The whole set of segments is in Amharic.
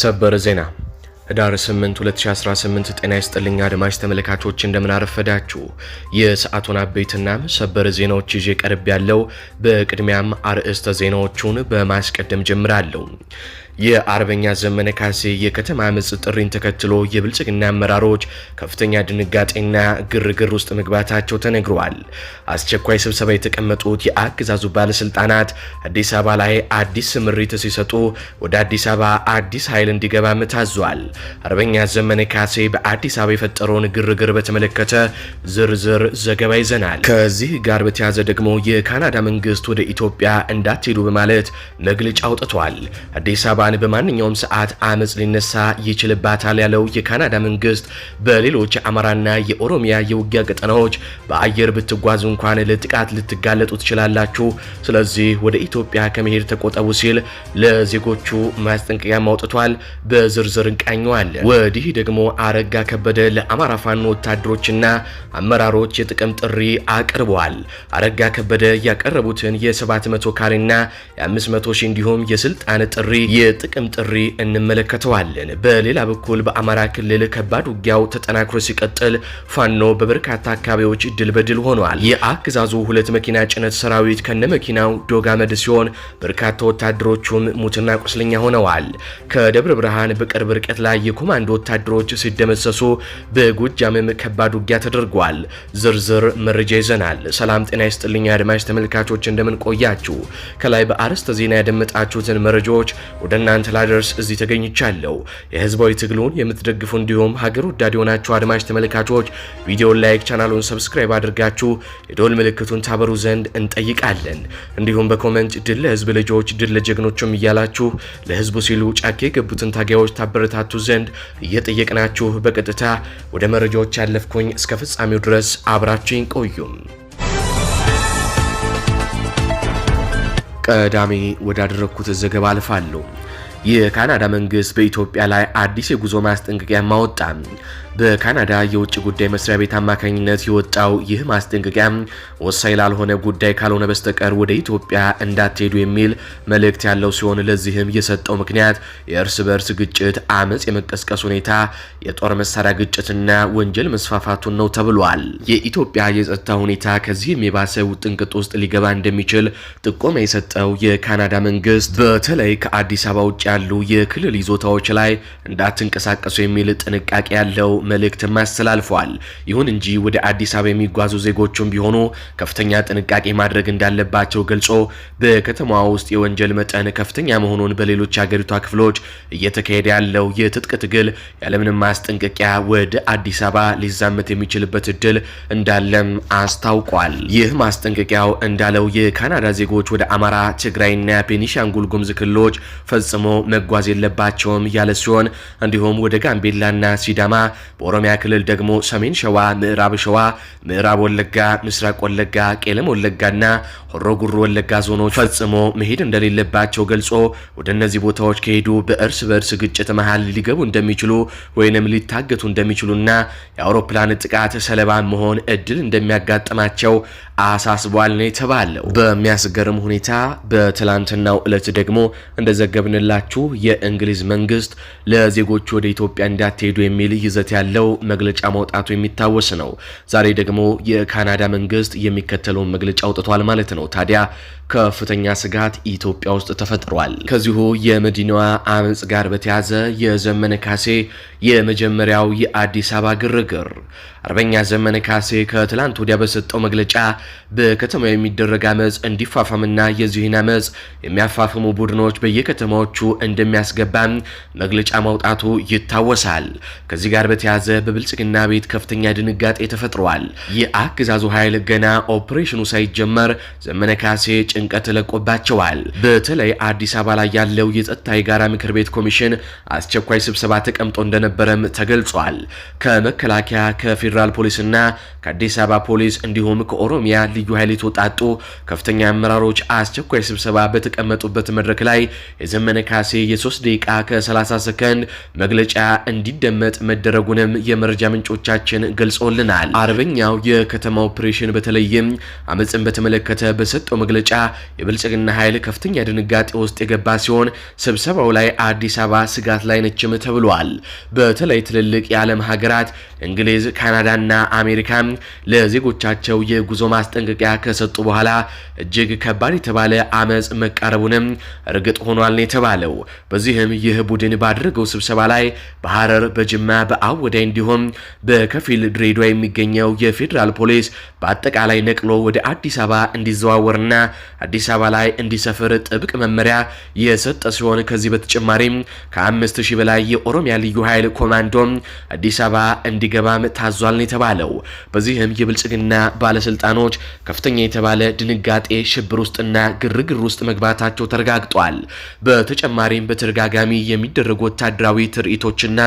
ሰበር ዜና ህዳር 8 2018። ጤና ይስጥልኝ አድማጭ ተመልካቾች እንደምናረፈዳችሁ የሰዓቱን አበይትና ሰበር ዜናዎች ይዤ ቀርብ ያለው። በቅድሚያም አርዕስተ ዜናዎቹን በማስቀደም ጀምራለሁ። የአርበኛ ዘመነ ካሴ የከተማ ምጽ ጥሪን ተከትሎ የብልጽግና አመራሮች ከፍተኛ ድንጋጤና ግርግር ውስጥ መግባታቸው ተነግረዋል። አስቸኳይ ስብሰባ የተቀመጡት የአገዛዙ ባለስልጣናት አዲስ አበባ ላይ አዲስ ስምሪት ሲሰጡ ወደ አዲስ አበባ አዲስ ኃይል እንዲገባም ታዟል። አርበኛ ዘመነ ካሴ በአዲስ አበባ የፈጠረውን ግርግር በተመለከተ ዝርዝር ዘገባ ይዘናል። ከዚህ ጋር በተያያዘ ደግሞ የካናዳ መንግስት ወደ ኢትዮጵያ እንዳትሄዱ በማለት መግለጫ አውጥቷል። አዲስ አበባ ኩባን በማንኛውም ሰዓት አመፅ ሊነሳ ይችልባታል ያለው የካናዳ መንግስት በሌሎች የአማራና የኦሮሚያ የውጊያ ቀጠናዎች በአየር ብትጓዙ እንኳን ለጥቃት ልትጋለጡ ትችላላችሁ፣ ስለዚህ ወደ ኢትዮጵያ ከመሄድ ተቆጠቡ ሲል ለዜጎቹ ማስጠንቀቂያ ማውጥቷል። በዝርዝር እንቃኘዋለን። ወዲህ ደግሞ አረጋ ከበደ ለአማራ ፋኖ ወታደሮችና አመራሮች የጥቅም ጥሪ አቅርበዋል። አረጋ ከበደ ያቀረቡትን የ700 ካሬና የ500 ሺህ እንዲሁም የስልጣን ጥሪ የጥቅም ጥሪ እንመለከተዋለን። በሌላ በኩል በአማራ ክልል ከባድ ውጊያው ተጠናክሮ ሲቀጥል ፋኖ በበርካታ አካባቢዎች ድል በድል ሆኗል። የአገዛዙ ሁለት መኪና ጭነት ሰራዊት ከነመኪናው ዶግ ሲሆን በርካታ ወታደሮቹም ሙትና ቁስለኛ ሆነዋል። ከደብረ ብርሃን በቅርብ ርቀት ላይ የኮማንዶ ወታደሮች ሲደመሰሱ፣ በጎጃምም ከባድ ውጊያ ተደርጓል። ዝርዝር መረጃ ይዘናል። ሰላም ጤና ይስጥልኝ አድማጭ ተመልካቾች እንደምን ቆያችሁ? ከላይ በአርዕስተ ዜና ያደመጣችሁትን መረጃዎች ወደ እናንተ ላደርስ እዚህ ተገኝቻለሁ። የህዝባዊ ትግሉን የምትደግፉ እንዲሁም ሀገር ወዳድ የሆናችሁ አድማጭ ተመልካቾች ቪዲዮን ላይክ፣ ቻናሉን ሰብስክራይብ አድርጋችሁ የዶል ምልክቱን ታበሩ ዘንድ እንጠይቃለን። እንዲሁም በኮመንት ድል ለህዝብ ልጆች፣ ድል ለጀግኖችም እያላችሁ ለህዝቡ ሲሉ ጫካ የገቡትን ታጋዮች ታበረታቱ ዘንድ እየጠየቅናችሁ በቀጥታ ወደ መረጃዎች ያለፍኩኝ። እስከ ፍጻሜው ድረስ አብራችሁን ቆዩም። ቀዳሜ ወዳደረግኩት ዘገባ አልፋለሁ። የካናዳ መንግስት በኢትዮጵያ ላይ አዲስ የጉዞ ማስጠንቀቂያ ማወጣ። በካናዳ የውጭ ጉዳይ መስሪያ ቤት አማካኝነት የወጣው ይህ ማስጠንቀቂያ ወሳኝ ላልሆነ ጉዳይ ካልሆነ በስተቀር ወደ ኢትዮጵያ እንዳትሄዱ የሚል መልእክት ያለው ሲሆን ለዚህም የሰጠው ምክንያት የእርስ በእርስ ግጭት፣ አመፅ የመቀስቀስ ሁኔታ፣ የጦር መሳሪያ ግጭትና ወንጀል መስፋፋቱን ነው ተብሏል። የኢትዮጵያ የጸጥታ ሁኔታ ከዚህም የባሰ ውጥንቅጥ ውስጥ ሊገባ እንደሚችል ጥቆማ የሰጠው የካናዳ መንግስት በተለይ ከአዲስ አበባ ውጭ ያሉ የክልል ይዞታዎች ላይ እንዳትንቀሳቀሱ የሚል ጥንቃቄ ያለው መልእክትም አስተላልፈዋል። ይሁን እንጂ ወደ አዲስ አበባ የሚጓዙ ዜጎቹም ቢሆኑ ከፍተኛ ጥንቃቄ ማድረግ እንዳለባቸው ገልጾ በከተማዋ ውስጥ የወንጀል መጠን ከፍተኛ መሆኑን በሌሎች የሀገሪቷ ክፍሎች እየተካሄደ ያለው የትጥቅ ትግል ያለምንም ማስጠንቀቂያ ወደ አዲስ አበባ ሊዛመት የሚችልበት እድል እንዳለም አስታውቋል። ይህ ማስጠንቀቂያው እንዳለው የካናዳ ዜጎች ወደ አማራ፣ ትግራይና ቤኒሻንጉል ጉምዝ ክልሎች ፈጽሞ መጓዝ የለባቸውም ያለ ሲሆን እንዲሁም ወደ ጋምቤላና ሲዳማ በኦሮሚያ ክልል ደግሞ ሰሜን ሸዋ፣ ምዕራብ ሸዋ፣ ምዕራብ ወለጋ፣ ምስራቅ ወለጋ፣ ቄለም ወለጋና ሆሮ ጉሩ ወለጋ ዞኖች ፈጽሞ መሄድ እንደሌለባቸው ገልጾ ወደ እነዚህ ቦታዎች ከሄዱ በእርስ በእርስ ግጭት መሃል ሊገቡ እንደሚችሉ ወይንም ሊታገቱ እንደሚችሉና የአውሮፕላን ጥቃት ሰለባ መሆን እድል እንደሚያጋጥማቸው አሳስቧል ነው የተባለው። በሚያስገርም ሁኔታ በትላንትናው እለት ደግሞ እንደዘገብንላችሁ የእንግሊዝ መንግስት ለዜጎቹ ወደ ኢትዮጵያ እንዳትሄዱ የሚል ይዘት ያለው መግለጫ ማውጣቱ የሚታወስ ነው። ዛሬ ደግሞ የካናዳ መንግስት የሚከተለውን መግለጫ አውጥቷል ማለት ነው። ታዲያ ከፍተኛ ስጋት ኢትዮጵያ ውስጥ ተፈጥሯል። ከዚሁ የመዲናዋ አመፅ ጋር በተያዘ የዘመነ ካሴ የመጀመሪያው የአዲስ አበባ ግርግር አርበኛ ዘመነ ካሴ ከትላንት ወዲያ በሰጠው መግለጫ በከተማው የሚደረግ አመፅ እንዲፋፋምና የዚህን አመፅ የሚያፋፍሙ ቡድኖች በየከተማዎቹ እንደሚያስገባም መግለጫ ማውጣቱ ይታወሳል። ከዚህ ጋር በተያያዘ በብልጽግና ቤት ከፍተኛ ድንጋጤ ተፈጥሯል። የአገዛዙ ኃይል ገና ኦፕሬሽኑ ሳይጀመር ዘመነ ካሴ ጭንቀት ተለቆባቸዋል። በተለይ አዲስ አበባ ላይ ያለው የጸጥታ የጋራ ምክር ቤት ኮሚሽን አስቸኳይ ስብሰባ ተቀምጦ እንደነበረም ተገልጿል። ከመከላከያ ከፊ ከፌዴራል ፖሊስና ከአዲስ አበባ ፖሊስ እንዲሁም ከኦሮሚያ ልዩ ኃይል የተወጣጡ ከፍተኛ አመራሮች አስቸኳይ ስብሰባ በተቀመጡበት መድረክ ላይ የዘመነ ካሴ የሶስት ደቂቃ ከ30 ሰከንድ መግለጫ እንዲደመጥ መደረጉንም የመረጃ ምንጮቻችን ገልጾልናል። አርበኛው የከተማ ኦፕሬሽን በተለይም አመፅን በተመለከተ በሰጠው መግለጫ የብልጽግና ኃይል ከፍተኛ ድንጋጤ ውስጥ የገባ ሲሆን ስብሰባው ላይ አዲስ አበባ ስጋት ላይ ነችም ተብሏል። በተለይ ትልልቅ የዓለም ሀገራት እንግሊዝ፣ ካናዳ ካናዳና አሜሪካ ለዜጎቻቸው የጉዞ ማስጠንቀቂያ ከሰጡ በኋላ እጅግ ከባድ የተባለ አመፅ መቃረቡንም እርግጥ ሆኗል የተባለው። በዚህም ይህ ቡድን ባደረገው ስብሰባ ላይ በሐረር፣ በጅማ፣ በአወዳይ እንዲሁም በከፊል ድሬዳዋ የሚገኘው የፌዴራል ፖሊስ በአጠቃላይ ነቅሎ ወደ አዲስ አበባ እንዲዘዋወርና አዲስ አበባ ላይ እንዲሰፍር ጥብቅ መመሪያ የሰጠ ሲሆን ከዚህ በተጨማሪም ከአምስት ሺህ በላይ የኦሮሚያ ልዩ ኃይል ኮማንዶም አዲስ አበባ እንዲገባም ታዟል ተደርጓል ነው የተባለው። በዚህም የብልጽግና ባለስልጣኖች ከፍተኛ የተባለ ድንጋጤ፣ ሽብር ውስጥና ግርግር ውስጥ መግባታቸው ተረጋግጧል። በተጨማሪም በተደጋጋሚ የሚደረጉ ወታደራዊ ትርኢቶችና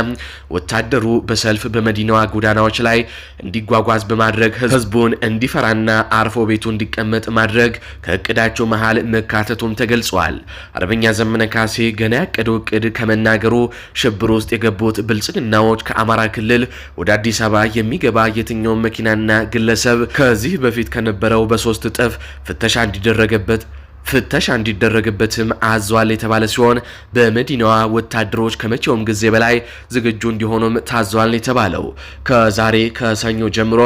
ወታደሩ በሰልፍ በመዲናዋ ጎዳናዎች ላይ እንዲጓጓዝ በማድረግ ህዝቡን እንዲፈራና አርፎ ቤቱ እንዲቀመጥ ማድረግ ከእቅዳቸው መሃል መካተቱም ተገልጿል። አርበኛ ዘመነ ካሴ ገና ያቀደው እቅድ ከመናገሩ ሽብር ውስጥ የገቡት ብልጽግናዎች ከአማራ ክልል ወደ አዲስ አበባ የሚ የሚገባ የትኛውን መኪናና ግለሰብ ከዚህ በፊት ከነበረው በሶስት እጥፍ ፍተሻ እንዲደረገበት ፍተሻ እንዲደረግበትም አዟል የተባለ ሲሆን በመዲናዋ ወታደሮች ከመቼውም ጊዜ በላይ ዝግጁ እንዲሆኑም ታዟል የተባለው ከዛሬ ከሰኞ ጀምሮ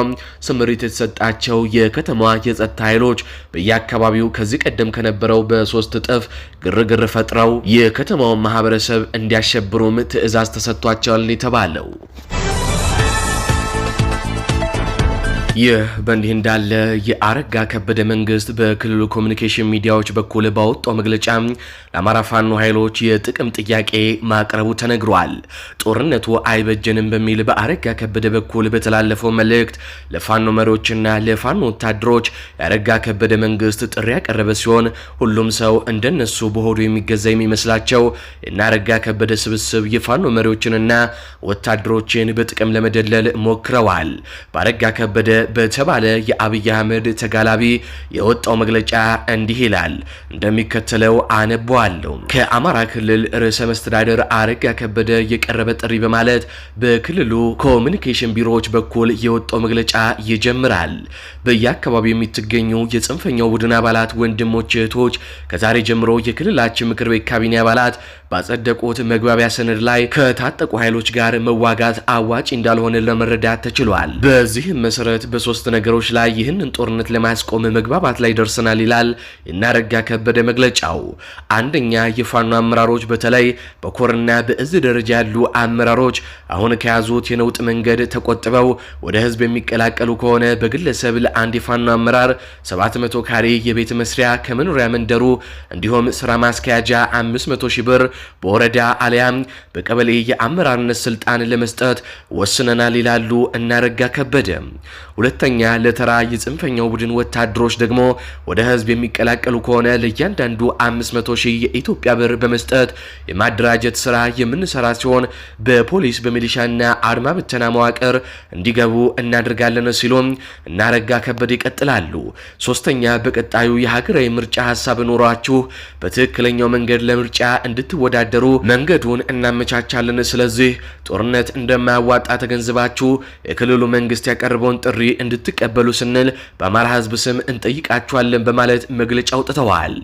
ስምሪት የተሰጣቸው የከተማዋ የጸጥታ ኃይሎች በየአካባቢው ከዚህ ቀደም ከነበረው በሶስት እጥፍ ግርግር ፈጥረው የከተማውን ማህበረሰብ እንዲያሸብሩም ትዕዛዝ ተሰጥቷቸዋል የተባለው ይህ በእንዲህ እንዳለ የአረጋ ከበደ መንግስት በክልሉ ኮሚኒኬሽን ሚዲያዎች በኩል ባወጣው መግለጫ ለአማራ ፋኖ ኃይሎች የጥቅም ጥያቄ ማቅረቡ ተነግሯል። ጦርነቱ አይበጀንም በሚል በአረጋ ከበደ በኩል በተላለፈው መልእክት ለፋኖ መሪዎችና ለፋኖ ወታደሮች የአረጋ ከበደ መንግስት ጥሪ ያቀረበ ሲሆን ሁሉም ሰው እንደነሱ በሆዱ የሚገዛ የሚመስላቸው እና አረጋ ከበደ ስብስብ የፋኖ መሪዎችንና ወታደሮችን በጥቅም ለመደለል ሞክረዋል። በአረጋ ከበደ በተባለ የአብይ አህመድ ተጋላቢ የወጣው መግለጫ እንዲህ ይላል። እንደሚከተለው አነበዋለሁ። ከአማራ ክልል ርዕሰ መስተዳደር አረጋ ከበደ የቀረበ ጥሪ በማለት በክልሉ ኮሚኒኬሽን ቢሮዎች በኩል የወጣው መግለጫ ይጀምራል። በየአካባቢው የሚትገኙ የጽንፈኛው ቡድን አባላት ወንድሞች፣ እህቶች ከዛሬ ጀምሮ የክልላችን ምክር ቤት ካቢኔ አባላት ባጸደቁት መግባቢያ ሰነድ ላይ ከታጠቁ ኃይሎች ጋር መዋጋት አዋጭ እንዳልሆነ ለመረዳት ተችሏል። በዚህም መሰረት በሶስት ነገሮች ላይ ይህንን ጦርነት ለማስቆም መግባባት ላይ ደርሰናል ይላል እናረጋ ከበደ መግለጫው። አንደኛ የፋኖ አመራሮች በተለይ በኮርና በእዝ ደረጃ ያሉ አመራሮች አሁን ከያዙት የነውጥ መንገድ ተቆጥበው ወደ ህዝብ የሚቀላቀሉ ከሆነ በግለሰብ ለአንድ የፋኖ አመራር 700 ካሬ የቤት መስሪያ ከመኖሪያ መንደሩ እንዲሁም ስራ ማስኪያጃ 500 ሺ ብር በወረዳ አሊያም በቀበሌ የአመራርነት ስልጣን ለመስጠት ወስነናል ይላሉ እናረጋ ከበደ። ሁለተኛ ለተራ የጽንፈኛው ቡድን ወታደሮች ደግሞ ወደ ህዝብ የሚቀላቀሉ ከሆነ ለእያንዳንዱ 500 ሺህ የኢትዮጵያ ብር በመስጠት የማደራጀት ስራ የምንሰራ ሲሆን በፖሊስ በሚሊሻና አድማ ብተና መዋቅር እንዲገቡ እናደርጋለን ሲሉም እናረጋ ከበደ ይቀጥላሉ። ሶስተኛ በቀጣዩ የሀገራዊ ምርጫ ሀሳብ ኖሯችሁ በትክክለኛው መንገድ ለምርጫ እንድትወዳደሩ መንገዱን እናመቻቻለን። ስለዚህ ጦርነት እንደማያዋጣ ተገንዝባችሁ የክልሉ መንግስት ያቀርበውን ጥሪ እንድትቀበሉ ስንል በአማራ ህዝብ ስም እንጠይቃችኋለን በማለት መግለጫ አውጥተዋል።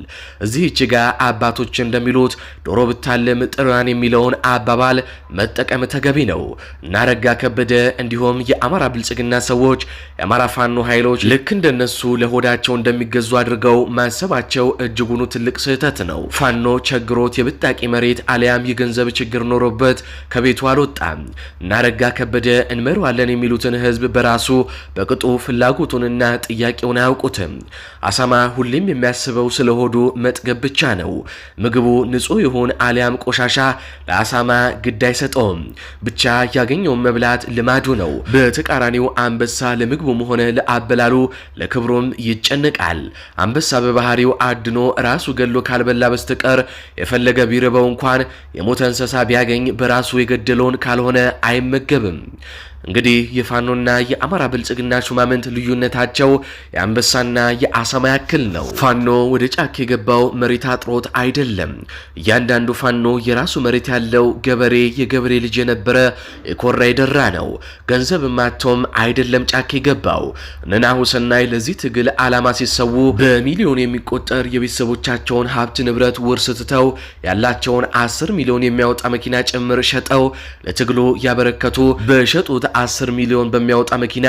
እዚህች ጋ አባቶች እንደሚሉት ዶሮ ብታለም ጥራን የሚለውን አባባል መጠቀም ተገቢ ነው። እናረጋ ከበደ እንዲሁም የአማራ ብልጽግና ሰዎች የአማራ ፋኖ ኃይሎች ልክ እንደነሱ ለሆዳቸው እንደሚገዙ አድርገው ማሰባቸው እጅጉኑ ትልቅ ስህተት ነው። ፋኖ ቸግሮት የብጣቂ መሬት አሊያም የገንዘብ ችግር ኖሮበት ከቤቱ አልወጣም። እናረጋ ከበደ እንመረዋለን የሚሉትን ህዝብ በራሱ በቅጡ ፍላጎቱንና ጥያቄውን አያውቁትም። አሳማ ሁሌም የሚያስበው ስለ ሆዱ መጥገብ ብቻ ነው። ምግቡ ንጹህ ይሁን አሊያም ቆሻሻ ለአሳማ ግድ አይሰጠውም። ብቻ ያገኘውን መብላት ልማዱ ነው። በተቃራኒው አንበሳ ለምግቡም ሆነ ለአበላሉ ለክብሩም ይጨነቃል። አንበሳ በባህሪው አድኖ ራሱ ገሎ ካልበላ በስተቀር የፈለገ ቢርበው እንኳን የሞተ እንስሳ ቢያገኝ በራሱ የገደለውን ካልሆነ አይመገብም። እንግዲህ የፋኖና የአማራ ብልጽግና ሹማምንት ልዩነታቸው የአንበሳና የአሳማ ያክል ነው። ፋኖ ወደ ጫካ የገባው መሬት አጥሮት አይደለም። እያንዳንዱ ፋኖ የራሱ መሬት ያለው ገበሬ የገበሬ ልጅ የነበረ የኮራ የደራ ነው። ገንዘብ ማቶም አይደለም ጫካ የገባው። ነናሁ ሰናይ ለዚህ ትግል አላማ ሲሰዉ በሚሊዮን የሚቆጠር የቤተሰቦቻቸውን ሀብት ንብረት ውርስ ትተው ያላቸውን አስር ሚሊዮን የሚያወጣ መኪና ጭምር ሸጠው ለትግሉ ያበረከቱ በሸጡት አስር ሚሊዮን በሚያወጣ መኪና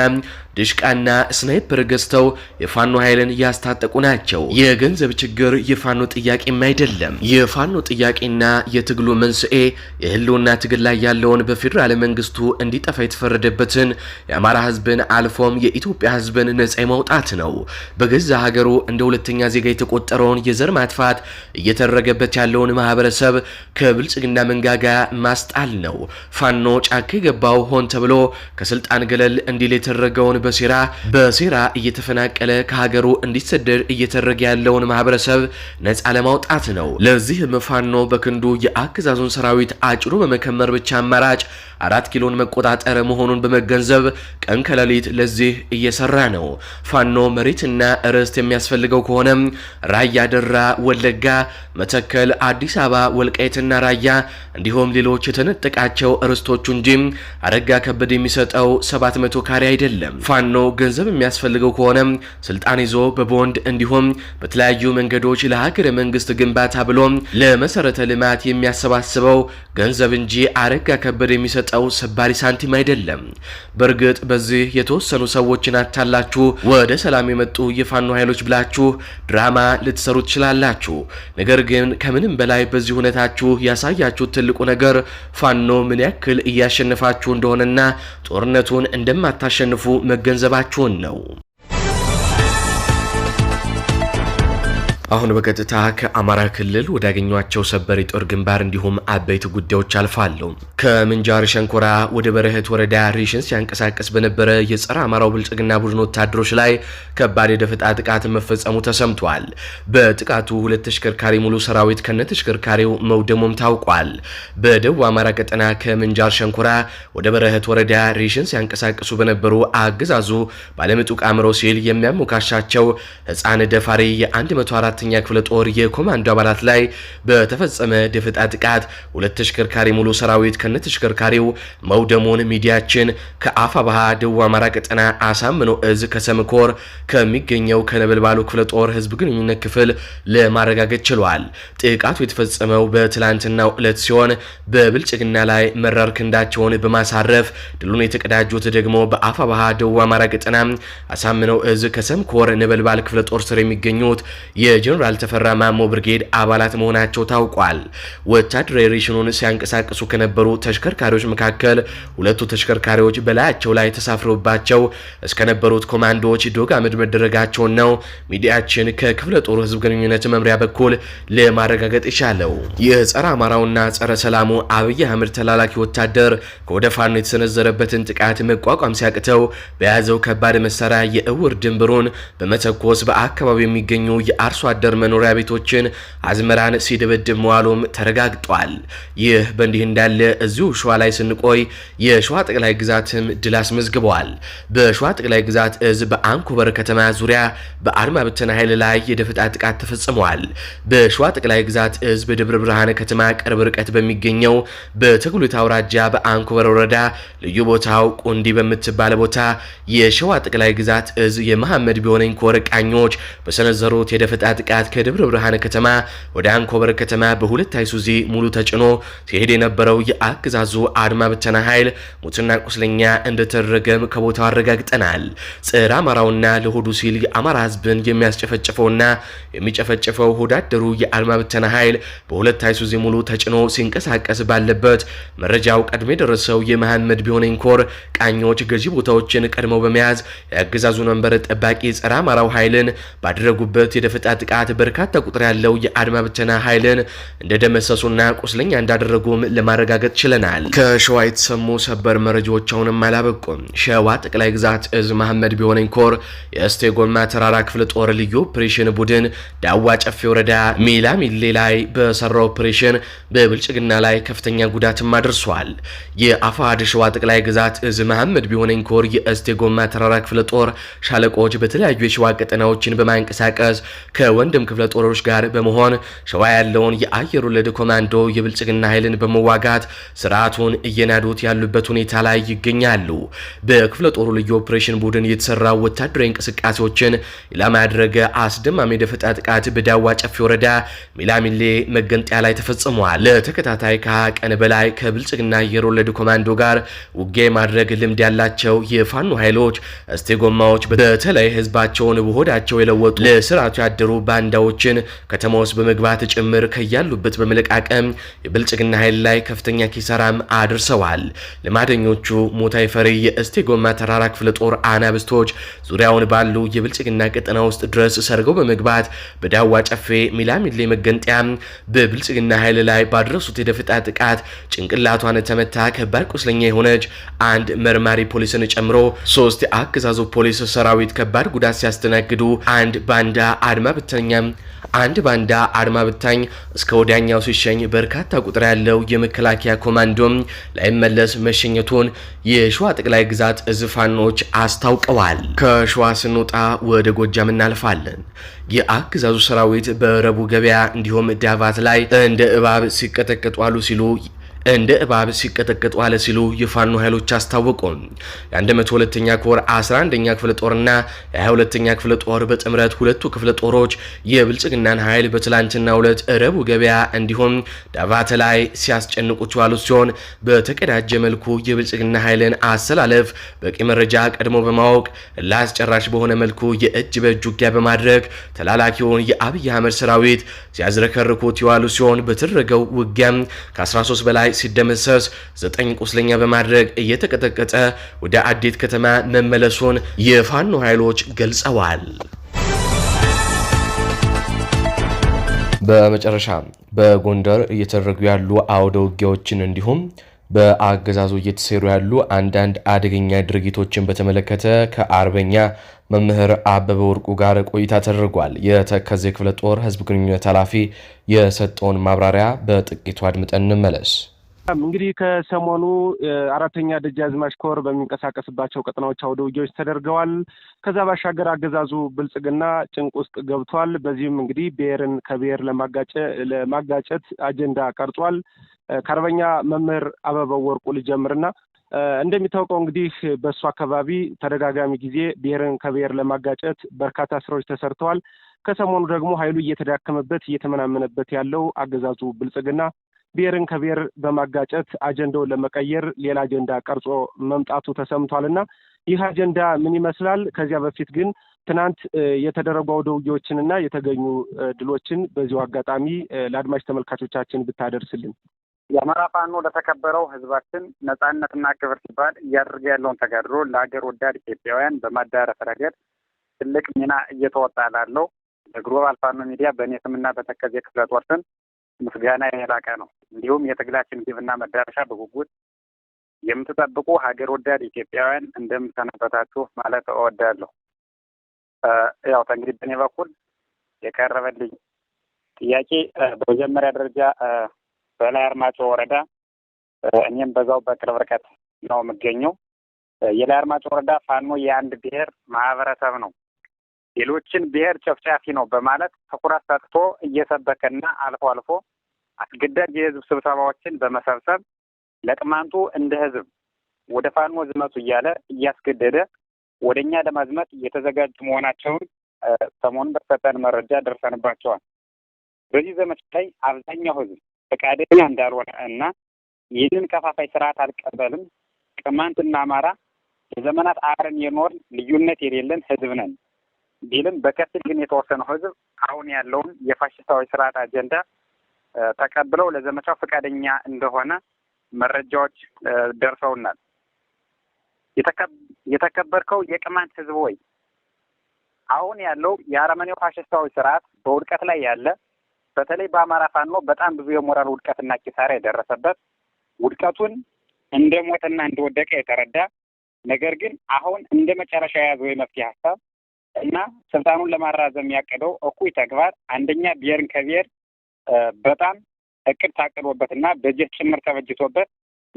ድሽቃና ስናይፐር ገዝተው የፋኖ ኃይልን ያስታጠቁ ናቸው። የገንዘብ ችግር የፋኖ ጥያቄም አይደለም። የፋኖ ጥያቄና የትግሉ መንስኤ የህልውና ትግል ላይ ያለውን በፌዴራል መንግስቱ እንዲጠፋ የተፈረደበትን የአማራ ህዝብን አልፎም የኢትዮጵያ ህዝብን ነጻ የማውጣት ነው። በገዛ ሀገሩ እንደ ሁለተኛ ዜጋ የተቆጠረውን የዘር ማጥፋት እየተደረገበት ያለውን ማህበረሰብ ከብልጽግና መንጋጋ ማስጣል ነው። ፋኖ ጫካ የገባው ሆን ተብሎ ከስልጣን ገለል እንዲል የተደረገውን በሴራ በሴራ እየተፈናቀለ ከሀገሩ እንዲሰደድ እየተደረገ ያለውን ማህበረሰብ ነፃ ለማውጣት ነው። ለዚህም ፋኖ በክንዱ የአገዛዙን ሰራዊት አጭሩ በመከመር ብቻ አማራጭ አራት ኪሎን መቆጣጠር መሆኑን በመገንዘብ ቀን ከሌሊት ለዚህ እየሰራ ነው። ፋኖ መሬትና ርስት የሚያስፈልገው ከሆነም ራያ ደራ፣ ወለጋ፣ መተከል፣ አዲስ አበባ፣ ወልቃይትና ራያ እንዲሁም ሌሎች የተነጠቃቸው ርስቶቹ እንጂ አረጋ ከበደ የሚሰጠው 700 ካሬ አይደለም። ፋኖ ገንዘብ የሚያስፈልገው ከሆነ ስልጣን ይዞ በቦንድ እንዲሁም በተለያዩ መንገዶች ለሀገረ መንግስት ግንባታ ብሎ ለመሰረተ ልማት የሚያሰባስበው ገንዘብ እንጂ አረጋ ከበደ የሚሰጠው ሰባሪ ሳንቲም አይደለም። በእርግጥ በዚህ የተወሰኑ ሰዎችን አታላችሁ ወደ ሰላም የመጡ የፋኖ ኃይሎች ብላችሁ ድራማ ልትሰሩ ትችላላችሁ። ነገር ግን ከምንም በላይ በዚህ ሁነታችሁ ያሳያችሁት ትልቁ ነገር ፋኖ ምን ያክል እያሸነፋችሁ እንደሆነና ጦርነቱን እንደማታሸንፉ መገንዘባችሁን ነው። አሁን በቀጥታ ከአማራ ክልል ወዳገኟቸው ሰበር የጦር ግንባር እንዲሁም አበይት ጉዳዮች አልፋለሁ። ከምንጃር ሸንኮራ ወደ በረህት ወረዳ ሬሽን ሲያንቀሳቀስ በነበረ የጸረ አማራው ብልጽግና ቡድን ወታደሮች ላይ ከባድ የደፈጣ ጥቃት መፈጸሙ ተሰምቷል። በጥቃቱ ሁለት ተሽከርካሪ ሙሉ ሰራዊት ከነ ተሽከርካሪው መውደሙም ታውቋል። በደቡብ አማራ ቀጠና ከምንጃር ሸንኮራ ወደ በረህት ወረዳ ሬሽን ሲያንቀሳቀሱ በነበሩ አገዛዙ ባለምጡቅ አምሮ ሲል የሚያሞካሻቸው ህፃን ደፋሪ የ 14 አራተኛ ክፍለ ጦር የኮማንዶ አባላት ላይ በተፈጸመ ደፈጣ ጥቃት ሁለት ተሽከርካሪ ሙሉ ሰራዊት ከነ ተሽከርካሪው መውደሙን ሚዲያችን ከአፋ ባሃ ደቡብ አማራ ቀጠና አሳምኖ እዝ ከሰምኮር ከሚገኘው ከነበልባሉ ክፍለ ጦር ህዝብ ግንኙነት ክፍል ለማረጋገጥ ችሏል። ጥቃቱ የተፈጸመው በትላንትናው ዕለት ሲሆን በብልጽግና ላይ መራር ክንዳቸውን በማሳረፍ ድሉን የተቀዳጁት ደግሞ በአፋ ባሃ ደቡብ አማራ ቀጠና አሳምነው እዝ ከሰምኮር ነበልባል ክፍለ ጦር ስር የሚገኙት ጀነራል ተፈራ ማሞ ብርጌድ አባላት መሆናቸው ታውቋል። ወታደራዊ ሬሽኑን ሲያንቀሳቅሱ ከነበሩ ተሽከርካሪዎች መካከል ሁለቱ ተሽከርካሪዎች በላያቸው ላይ ተሳፍረውባቸው እስከነበሩት ኮማንዶዎች ዶግ አመድ መደረጋቸውን ነው ሚዲያችን ከክፍለ ጦር ህዝብ ግንኙነት መምሪያ በኩል ለማረጋገጥ ይህ ጸረ አማራውና ጸረ ሰላሙ አብይ አህመድ ተላላኪ ወታደር ከወደ ፋኖ የተሰነዘረበትን ጥቃት መቋቋም ሲያቅተው በያዘው ከባድ መሳሪያ የእውር ድንብሩን በመተኮስ በአካባቢው የሚገኙ የአርሶ አደር መኖሪያ ቤቶችን አዝመራን ሲደበድብ መዋሉም ተረጋግጧል። ይህ በእንዲህ እንዳለ እዚሁ ሸዋ ላይ ስንቆይ የሸዋ ጠቅላይ ግዛትም ድል አስመዝግበዋል። በሸዋ ጠቅላይ ግዛት እዝ በአንኮበር ከተማ ዙሪያ በአድማ ብተና ኃይል ላይ የደፈጣ ጥቃት ተፈጽመዋል። በሸዋ ጠቅላይ ግዛት እዝ በደብረ ብርሃን ከተማ ቅርብ ርቀት በሚገኘው በተጉሊት አውራጃ በአንኮበር ወረዳ ልዩ ቦታው ቁንዲ በምትባለ ቦታ የሸዋ ጠቅላይ ግዛት እዝ የመሐመድ ቢሆነኝ ኮር ቃኞች በሰነዘሩት የደፈጣ ጥቃት ከደብረ ብርሃን ከተማ ወደ አንኮበር ከተማ በሁለት አይሱዚ ሙሉ ተጭኖ ሲሄድ የነበረው የአገዛዙ አድማ ብተና ኃይል ሙትና ቁስለኛ እንደተደረገም ከቦታው አረጋግጠናል። ጽር አማራውና ለሆዱ ሲል የአማራ ህዝብን የሚያስጨፈጭፈውና የሚጨፈጨፈው ሆዳደሩ የአድማ ብተና ኃይል በሁለት አይሱዚ ሙሉ ተጭኖ ሲንቀሳቀስ ባለበት መረጃው ቀድሞ የደረሰው የመሐመድ ቢሆነኝ ኮር ቃኞች ገዢ ቦታዎችን ቀድመው በመያዝ የአገዛዙን ወንበር ጠባቂ ጸረ አማራው ኃይልን ባደረጉበት የደፈጣ ጥቃት ጥቃት በርካታ ቁጥር ያለው የአድማ ብተና ኃይልን እንደደመሰሱና ቁስለኛ እንዳደረጉም ለማረጋገጥ ችለናል። ከሸዋ የተሰሙ ሰበር መረጃዎች አሁንም አላበቁም። ሸዋ ጠቅላይ ግዛት እዝ መሐመድ ቢሆነኝ ኮር የእስቴ ጎማ ተራራ ክፍለ ጦር ልዩ ኦፕሬሽን ቡድን ዳዋ ጨፌ ወረዳ ሜላ ሚሌ ላይ በሰራ ኦፕሬሽን በብልጽግና ላይ ከፍተኛ ጉዳትም አድርሷል። የአፋድ ሸዋ ጠቅላይ ግዛት እዝ መሐመድ ቢሆነኝ ኮር የእስቴ ጎማ ተራራ ክፍለ ጦር ሻለቆች በተለያዩ የሸዋ ቀጠናዎችን በማንቀሳቀስ ከወ ወንድም ክፍለ ጦሮች ጋር በመሆን ሸዋ ያለውን የአየር ወለድ ኮማንዶ የብልጽግና ኃይልን በመዋጋት ስርዓቱን እየናዱት ያሉበት ሁኔታ ላይ ይገኛሉ። በክፍለ ጦሩ ልዩ ኦፕሬሽን ቡድን የተሰራው ወታደራዊ እንቅስቃሴዎችን ኢላማ ያደረገ አስደማሚ የደፈጣ ጥቃት በዳዋ ጨፌ ወረዳ ሚላሚሌ መገንጠያ ላይ ተፈጽሟል። ለተከታታይ ከሀያ ቀን በላይ ከብልጽግና አየር ወለድ ኮማንዶ ጋር ውጊያ የማድረግ ልምድ ያላቸው የፋኖ ኃይሎች እስቴ ጎማዎች በተለይ ህዝባቸውን በሆዳቸው የለወጡ ለስርዓቱ ያደሩ ባንዳዎችን ከተማ ውስጥ በመግባት ጭምር ከያሉበት በመለቃቀም የብልጽግና ኃይል ላይ ከፍተኛ ኪሳራም አድርሰዋል። ልማደኞቹ ሞታይ ፈሪ የእስቴ ጎማ ተራራ ክፍለ ጦር አናብስቶች ዙሪያውን ባሉ የብልጽግና ቀጠና ውስጥ ድረስ ሰርገው በመግባት በዳዋ ጨፌ ሚላሚሌ መገንጠያ በብልጽግና ኃይል ላይ ባደረሱት የደፈጣ ጥቃት ጭንቅላቷን ተመታ ከባድ ቁስለኛ የሆነች አንድ መርማሪ ፖሊስን ጨምሮ ሶስት የአገዛዙ ፖሊስ ሰራዊት ከባድ ጉዳት ሲያስተናግዱ አንድ ባንዳ አድማ ብተ የተሰኘ አንድ ባንዳ አድማ ብታኝ እስከ ወዲያኛው ሲሸኝ በርካታ ቁጥር ያለው የመከላከያ ኮማንዶም ላይመለስ መሸኘቱን የሸዋ ጠቅላይ ግዛት እዝፋኖች አስታውቀዋል። ከሸዋ ስንወጣ ወደ ጎጃም እናልፋለን። የአገዛዙ ሰራዊት በረቡ ገበያ እንዲሁም ዳባት ላይ እንደ እባብ ሲቀጠቀጡ አሉ ሲሉ እንደ እባብ ሲቀጠቀጡ አለ ሲሉ የፋኖ ኃይሎች አስታወቁ። 12 ኛ ኮር 11ኛ ክፍለ ጦርና የ22ኛ ክፍለ ጦር በጥምረት ሁለቱ ክፍለ ጦሮች የብልጽግናን ኃይል በትላንትናው ዕለት ረቡዕ ገበያ እንዲሁም ዳቫተ ላይ ሲያስጨንቁት ዋሉት ሲሆን በተቀዳጀ መልኩ የብልጽግና ኃይልን አሰላለፍ በቂ መረጃ ቀድሞ በማወቅ ላስጨራሽ በሆነ መልኩ የእጅ በእጅ ውጊያ በማድረግ ተላላኪውን የአብይ አህመድ ሰራዊት ሲያዝረከርኩት የዋሉ ሲሆን በተደረገው ውጊያም ከ13 በላይ ሲደመሰስ ዘጠኝ ቁስለኛ በማድረግ እየተቀጠቀጠ ወደ አዴት ከተማ መመለሱን የፋኖ ኃይሎች ገልጸዋል። በመጨረሻ በጎንደር እየተደረጉ ያሉ አውደ ውጊያዎችን እንዲሁም በአገዛዙ እየተሰሩ ያሉ አንዳንድ አደገኛ ድርጊቶችን በተመለከተ ከአርበኛ መምህር አበበ ወርቁ ጋር ቆይታ ተደርጓል። የተከዜ ክፍለ ጦር ህዝብ ግንኙነት ኃላፊ የሰጠውን ማብራሪያ በጥቂቱ አድምጠን እንመለስ። እንግዲህ ከሰሞኑ አራተኛ ደጃዝማች ኮር በሚንቀሳቀስባቸው ቀጠናዎች አውደ ውጊያዎች ተደርገዋል። ከዛ ባሻገር አገዛዙ ብልጽግና ጭንቅ ውስጥ ገብቷል። በዚህም እንግዲህ ብሔርን ከብሔር ለማጋጨት አጀንዳ ቀርጿል። ከአርበኛ መምህር አበባው ወርቁ ልጀምርና እንደሚታወቀው እንግዲህ በእሱ አካባቢ ተደጋጋሚ ጊዜ ብሔርን ከብሔር ለማጋጨት በርካታ ስራዎች ተሰርተዋል። ከሰሞኑ ደግሞ ኃይሉ እየተዳከመበት እየተመናመነበት ያለው አገዛዙ ብልጽግና ብሔርን ከብሔር በማጋጨት አጀንዳውን ለመቀየር ሌላ አጀንዳ ቀርጾ መምጣቱ ተሰምቷልና ይህ አጀንዳ ምን ይመስላል? ከዚያ በፊት ግን ትናንት የተደረጉ አውደ እና የተገኙ ድሎችን በዚሁ አጋጣሚ ለአድማጭ ተመልካቾቻችን ብታደርስልን። የአማራ ፋኖ ለተከበረው ህዝባችን ነጻነትና ክብር ሲባል እያደረገ ያለውን ተጋድሎ ለሀገር ወዳድ ኢትዮጵያውያን በማዳረስ ረገድ ትልቅ ሚና እየተወጣ ላለው ለግሎባል ፋኖ ሚዲያ በእኔ ስምና በተከዜ ክፍለ ጦር ስም ምስጋና የላቀ ነው። እንዲሁም የትግላችን ግብና መዳረሻ በጉጉት የምትጠብቁ ሀገር ወዳድ ኢትዮጵያውያን እንደምሰነበታችሁ ማለት እወዳለሁ። ያው ከእንግዲህ በእኔ በኩል የቀረበልኝ ጥያቄ በመጀመሪያ ደረጃ በላይ አርማጮ ወረዳ እኔም በዛው በቅርብ ርቀት ነው የምገኘው። የላይ አርማጮ ወረዳ ፋኖ የአንድ ብሔር ማህበረሰብ ነው። ሌሎችን ብሔር ጨፍጫፊ ነው በማለት ትኩረት ሰጥቶ እየሰበከና አልፎ አልፎ አስገዳጅ የህዝብ ስብሰባዎችን በመሰብሰብ ለቅማንቱ እንደ ህዝብ ወደ ፋኖ ዝመቱ እያለ እያስገደደ ወደ እኛ ለማዝመት እየተዘጋጁ መሆናቸውን ሰሞኑን በተሰጠን መረጃ ደርሰንባቸዋል። በዚህ ዘመቻ ላይ አብዛኛው ህዝብ ፈቃደኛ እንዳልሆነ እና ይህንን ከፋፋይ ስርዓት አልቀበልም፣ ቅማንትና አማራ ለዘመናት አብረን የኖርን ልዩነት የሌለን ህዝብ ነን ቢልም በከፊል ግን የተወሰነው ህዝብ አሁን ያለውን የፋሽስታዊ ስርዓት አጀንዳ ተቀብለው ለዘመቻው ፈቃደኛ እንደሆነ መረጃዎች ደርሰውናል። የተከበርከው የቅማንት ህዝብ ወይ አሁን ያለው የአረመኔው ፋሽስታዊ ስርዓት በውድቀት ላይ ያለ በተለይ በአማራ ፋኖ በጣም ብዙ የሞራል ውድቀትና ኪሳራ የደረሰበት ውድቀቱን እንደ ሞትና እንደወደቀ የተረዳ ነገር ግን አሁን እንደ መጨረሻ የያዘው የመፍትሄ ሀሳብ እና ስልጣኑን ለማራዘም ያቀደው እኩይ ተግባር አንደኛ ብሔርን ከብሔር በጣም እቅድ ታቅዶበት እና በጀት ጭምር ተበጅቶበት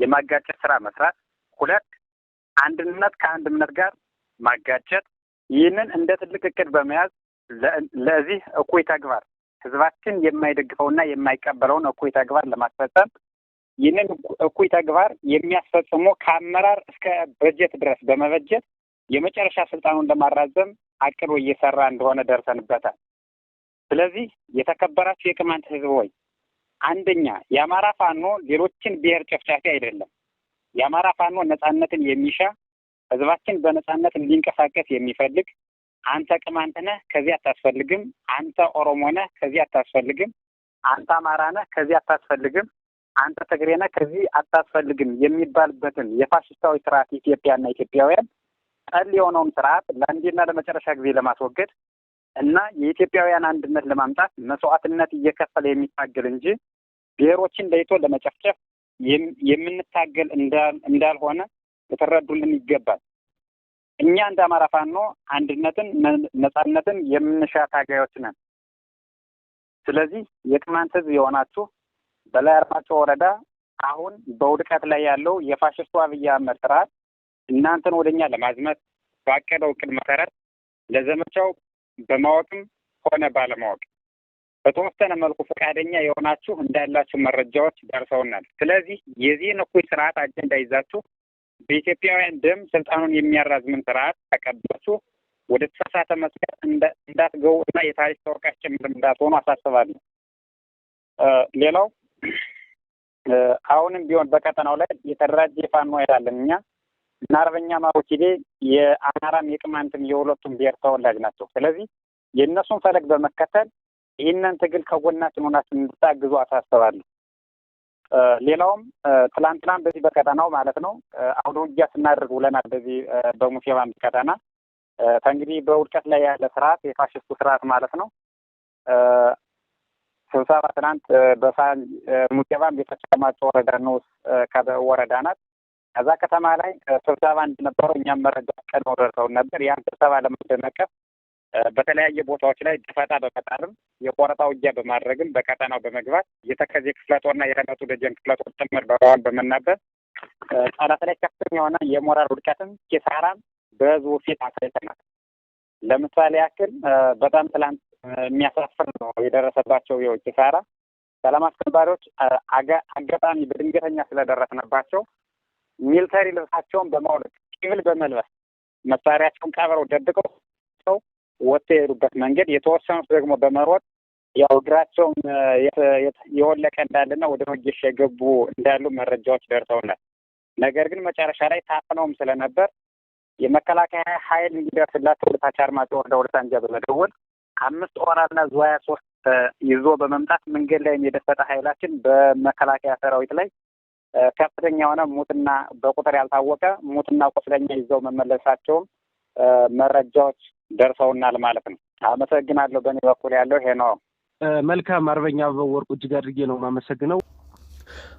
የማጋጨት ስራ መስራት፣ ሁለት አንድነት ከአንድ እምነት ጋር ማጋጨት። ይህንን እንደ ትልቅ እቅድ በመያዝ ለዚህ እኩይ ተግባር ህዝባችን የማይደግፈውና የማይቀበለውን እኩይ ተግባር ለማስፈጸም ይህንን እኩይ ተግባር የሚያስፈጽሙ ከአመራር እስከ በጀት ድረስ በመበጀት የመጨረሻ ስልጣኑን ለማራዘም አቅዶ እየሰራ እንደሆነ ደርሰንበታል። ስለዚህ የተከበራችሁ የቅማንት ህዝብ ሆይ አንደኛ የአማራ ፋኖ ሌሎችን ብሔር ጨፍጫፊ አይደለም። የአማራ ፋኖ ነጻነትን የሚሻ ህዝባችን በነጻነት እንዲንቀሳቀስ የሚፈልግ አንተ ቅማንት ነህ ከዚህ አታስፈልግም፣ አንተ ኦሮሞ ነህ ከዚህ አታስፈልግም፣ አንተ አማራ ነህ ከዚህ አታስፈልግም፣ አንተ ትግሬ ነህ ከዚህ አታስፈልግም የሚባልበትን የፋሽስታዊ ስርዓት ኢትዮጵያና ኢትዮጵያውያን ጠል የሆነውን ስርዓት ለአንዴና ለመጨረሻ ጊዜ ለማስወገድ እና የኢትዮጵያውያን አንድነት ለማምጣት መስዋዕትነት እየከፈለ የሚታገል እንጂ ብሔሮችን ለይቶ ለመጨፍጨፍ የምንታገል እንዳልሆነ ልትረዱልን ይገባል። እኛ እንደ አማራ ፋኖ አንድነትን፣ ነጻነትን የምንሻ ታጋዮች ነን። ስለዚህ የቅማንት ህዝብ የሆናችሁ በላይ አርማጭሆ ወረዳ አሁን በውድቀት ላይ ያለው የፋሽስቱ አብይ አህመድ ስርዓት እናንተን ወደኛ ለማዝመት ባቀደው እቅድ መሰረት ለዘመቻው በማወቅም ሆነ ባለማወቅ በተወሰነ መልኩ ፈቃደኛ የሆናችሁ እንዳላችሁ መረጃዎች ደርሰውናል። ስለዚህ የዚህን እኩይ ስርዓት አጀንዳ ይዛችሁ በኢትዮጵያውያን ደም ስልጣኑን የሚያራዝምን ስርዓት ተቀብላችሁ ወደ ተሳሳተ መስመር እንዳትገቡ እና የታሪክ ተወቃሽ ጭምር እንዳትሆኑ አሳስባለሁ። ሌላው አሁንም ቢሆን በቀጠናው ላይ የተደራጀ የፋኖ ኃይል እኛ እና አርበኛ ማሮኪዴ የአማራም የቅማንትም የሁለቱም ብሔር ተወላጅ ናቸው። ስለዚህ የእነሱን ፈለግ በመከተል ይህንን ትግል ከጎናችን ሆናችሁ እንድታግዙ አሳስባለሁ። ሌላውም ትላንትናም በዚህ በቀጠናው ማለት ነው አውደ ውጊያ ስናደርግ ውለናል። በዚህ በሙሴ ባምቢ ቀጠና ከእንግዲህ በውድቀት ላይ ያለ ስርዓት የፋሽስቱ ስርዓት ማለት ነው ስብሰባ ትናንት በሳ ሙሴ ባምቢ ወረዳ ነው ወረዳ ናት ከዛ ከተማ ላይ ስብሰባ እንደነበረው እኛም መረጃ ቀድሞ ደርሰውን ነበር። ያን ስብሰባ ለማደናቀፍ በተለያየ ቦታዎች ላይ ድፈጣ በመጣልም የቆረጣ ውጊያ በማድረግም በቀጠናው በመግባት የተከዜ ክፍለ ጦርና የረመጡ ደጀን ክፍለ ጦር ጭምር በመዋል በመናበብ ጠላት ላይ ከፍተኛ የሆነ የሞራል ውድቀትም ኪሳራም በህዝቡ ፊት አሳይተናል። ለምሳሌ ያክል በጣም ትላንት የሚያሳፍር ነው የደረሰባቸው ይኸው ኪሳራ። ሰላም አስከባሪዎች አጋጣሚ በድንገተኛ ስለደረስነባቸው ሚሊተሪ ልብሳቸውን በማውለቅ ሲቪል በመልበስ መሳሪያቸውን ቀብረው ደብቀው ሰው ወጥተው የሄዱበት መንገድ፣ የተወሰኑት ደግሞ በመሮጥ ያው እግራቸውን የወለቀ እንዳለና ወደ ወጌሻ የገቡ እንዳሉ መረጃዎች ደርሰውናል። ነገር ግን መጨረሻ ላይ ታፍነውም ስለነበር የመከላከያ ኃይል እንዲደርስላቸው ወደታች አርማጭሆ ወረዳ ወደ ሳንጃ በመደወል አምስት ኦራልና ዙ ሀያ ሶስት ይዞ በመምጣት መንገድ ላይ የደፈጠ ኃይላችን በመከላከያ ሰራዊት ላይ ከፍተኛ የሆነ ሙትና በቁጥር ያልታወቀ ሙትና ቁስለኛ ይዘው መመለሳቸውም መረጃዎች ደርሰውናል ማለት ነው። አመሰግናለሁ። በእኔ በኩል ያለው ይሄ ነው። መልካም አርበኛ በወርቁ ወርቁ፣ እጅግ አድርጌ ነው የማመሰግነው።